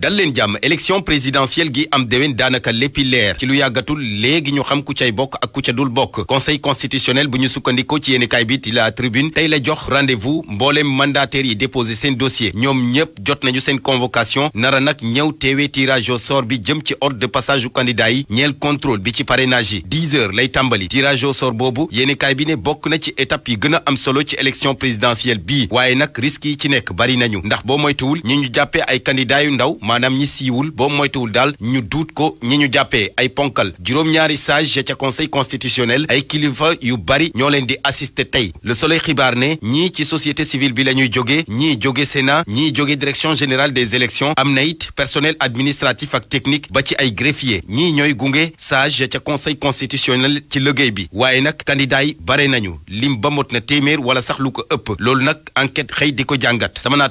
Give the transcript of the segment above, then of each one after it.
dal leen jàmm élection présidentielle gi am déwén daanaka léppi leer ci lu yàggatul léegi ñu xam ku cay bokk ak ku ca dul bokk conseil constitutionnel bu ñu sukkandikoo ci yéenekaay bi di la tribune tey la jox rendez-vous mbooleem yi déposé seen dossier ñoom ñëpp jot nañu seen convocation nara nag ñëw teewee tirage au sort bi jëm ci ordre de passage yu candidat yi ñeel contrôle bi ci parrainage yi dix heures lay tàmbali tirage au sort boobu yéenekaay bi ne bokk na ci étape yi gën a am solo ci élection présidentielle bii waaye nag yi ci nekk bari nañu ndax boo moytuwul ñi ñu jàppee ay candidat yu ndaw maanaam ñi siiwul boo moytuwul daal ñu duut ko ñi ñu jàppee ay ponkal juróom-ñaari sage ca conseil constitutionnel ay kilifa yu bari ñoo leen di assister tey le soleil xibaar ne ñii ci société civile bi la ñuy jóge ñii jóge sénat ñii jóge direction générale des élections am na it personnel administratif ak technique ba ci ay greffier ñii ñooy gunge sage ca conseil constitutionnel ci liggéey bi waaye nag candidat yi bare nañu lim ba mot na téeméer wala sax lu ko ëpp loolu nag enquête xëy di ko jàngat sama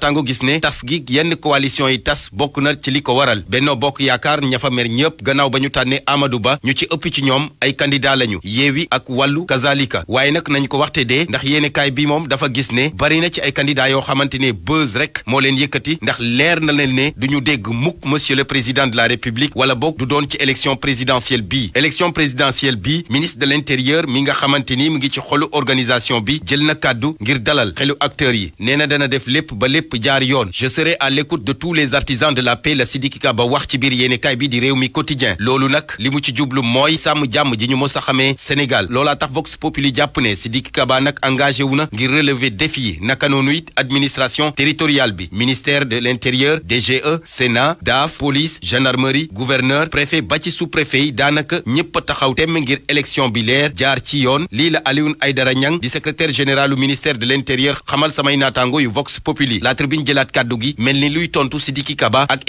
leeral ci li ko waral Benno Bokk Yaakaar ña fa mer ñëpp gannaaw ba ñu tànnee amadu Ba ñu ci ëpp ci ñoom ay candidat lañu Yewwi ak Wallu kazalika waaye nag nañ ko waxte dee ndax yéenekaay bi moom dafa gis ne bari na ci ay candidat yoo xamante ne buzz rek moo leen yëkkati ndax leer na leen ne duñu dégg mukk monsieur le président de la république wala boog du doon ci élection présidentielle bii élection présidentielle bi ministre de l'intérieur mi nga xamante ni mu ngi ci xolu organisation bi jël na kàddu ngir dalal xelu acteurs yi nee na dana def lépp ba lépp jaar yoon je serai à l'écoute la jàppe la Sidiki Kaba wax ci biir yéenekaay bi di réew mi quotidien loolu nag li ci jublu mooy sàmm jàmm ji ñu mos a xamee Sénégal loolaa tax Vox Populi jàpp ne Sidiki Kaba nag engagé wu na ngir relever défi yi naka noonu it administration territoriale bi ministère de l'intérieur DGE Sénat DAF police gendarmerie gouverneur préfet ba ci sous-préfet yi daanaka ñëpp a taxaw temm ngir élection bi leer jaar ci yoon lii la Alioune Aïdara Niang di secrétaire général ministère de l'intérieur xamal samay naataango yu Vox Populi la tribune jëlaat kàddu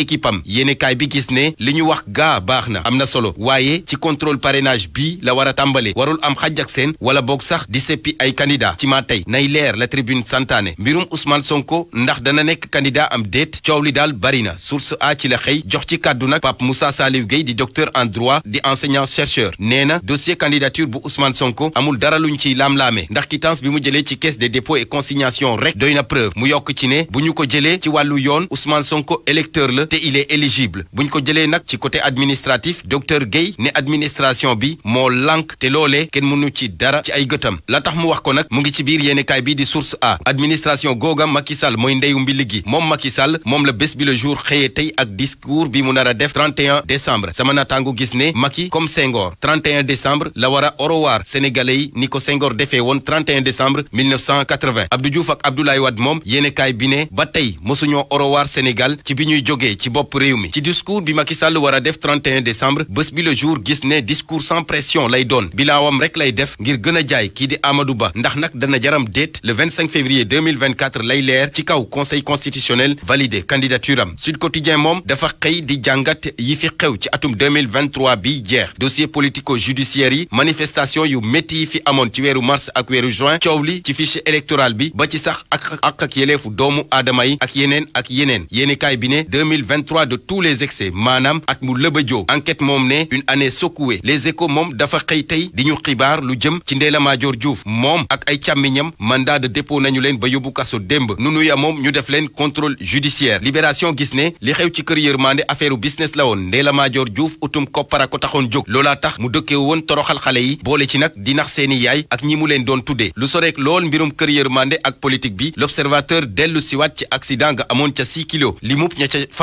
équipe am yéenekaay bi gis ne li ñu wax gaa baax na am na solo waaye ci contrôle parrainage bi la war a tàmbale warul am xaj ak seen wala boog sax di seppi ay candidat ci ma tey nay leer la tribune santaane mbirum Ousmane Sonko ndax dana nekk candidat am déet coow li daal bari na source a ci la xëy jox ci kàddu nag Pape Moussa Saliou Guèye di docteur en droit di enseignant chercheur nee na dossier candidature bu Ousmane Sonko amul dara luñ ciy laam-laamee ndax quittance bi mu jëlee ci caisse des dépôts et ñu ci wàllu yoon Ousmane la te il éligible bu ñu ko jëlee nag ci côté administratif docteur Guèye ne administration bi moo lànk te loole kenn mënu ci dara ci ay gëtam la tax mu wax ko nag mu ngi ci biir yéenekaay bi di source a administration googa Macky Sall mooy ndeyu mbi gi moom Macky Sall moom la bés bi le jour xëyee tey ak discours bi mu nar a def 31 décembre sama naataango gis ne Macky comme Senghor 31 décembre la war a orowaar sénégalais yi ni ko Senghor defee woon 31 décembre 1980 Abdou Diouf ak Abdoulaye Wade moom yéenekaay bi ne ba tey mosuñoo orowaar Sénégal ci bi ñuy jógee nekkee ci bopp réew mi ci discours bi Macky Sall war a def 31 décembre bés bi le jour gis ne discours sans pression lay doon bilaawam rek lay def ngir gën a jaay kii di Amadou Ba ndax nag dana jaram déet le février lay leer ci kaw conseil constitutionnel validé candidature am Sud Quotidien moom dafa xëy di jàngat yi fi xew ci atum 2023 bi jeex dossier politico judiciaire yi manifestation yu métti yi fi amoon ci weeru mars ak weeru juin coow li ci fichier électoral bi ba ci sax ak ak ak yeleefu doomu aadama yi ak yeneen ak yeneen 2023 de tous les excès maanaam at mu lëbëjoo enquête moom ne une année secouée les échos moom dafa xëy tey di ñu xibaar lu jëm ci Ndella Madior Diouf moom ak ay càmmiñam mandat de dépôt nañu leen ba yóbbu kaso démb nu ya moom ñu def leen contrôle judiciaire libération gis ne li xew ci kër yërmande affaire business la woon Ndella Madior Diouf utum koppara ko taxoon jóg loolaa tax mu dëkkee woon toroxal xale yi boole ci nag di seeni yaay ak ñi mu leen doon tuddee lu soreek lool mbirum kër yërmande ak politique bi l'observateur dellu siwaat ci accident amoon ca 6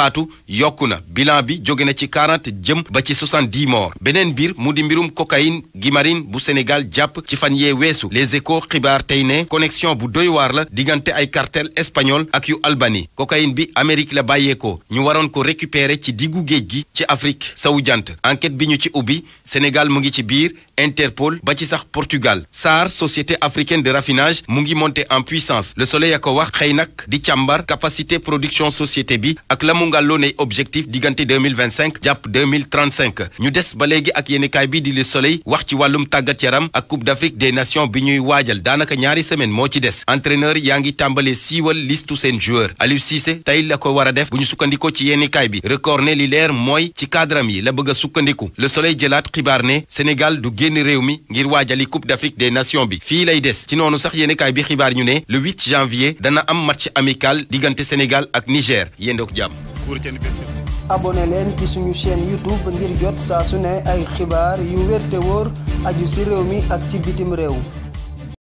atu yokk na bilan bi jóge na ci 40 jëm ba ci 70 morts beneen biir mu di mbirum kokayin gi marine bu Sénégal jàpp ci fan yee weesu les échos xibaar tey ne connexion bu doy waar la diggante ay cartel español ak yu albani cocaïne bi Amérique la bàyyeekoo ñu waroon ko récupérer ci diggu géej gi ci Afrique sowu jant enquête bi ñu ci ubbi Sénégal mu ngi ci biir Interpol ba ci sax Portugal SAR société africaine de raffinage mu ngi monter en puissance le soleil a ko wax xëy nag di càmbar capacité production société bi ak la mu ngàlloo ne objectif diggante 2025 jàpp 2035 ñu des ba léegi ak yéenekaay bi di le soleil wax ci wàllum tàggat yaram ak Coupe d'Afrique des Nations bi ñuy waajal daanaka ñaari semaine moo ci des entraîneur yaa ngi tàmbalee siiwal listu seen joueur Aliou Cissé tey la ko war a def bu ñu sukkandikoo ci yéenekaay bi record ne mooy ci cadram yi la bëgg a sukkandiku le soleil jëlaat xibaar ne Sénégal génn réew mi ngir waajali coupe d'Afrique des nations bi fii lay des ci noonu sax yéenekaay bi xibaar ñu ne le 8 janvier dana am match amical diggante Sénégal ak Niger yéendook jàmm abonné leen ci suñu chaîne YouTube ngir jot saa su ne ay xibaar yu wér te aju ci réew mi ak ci bitim réew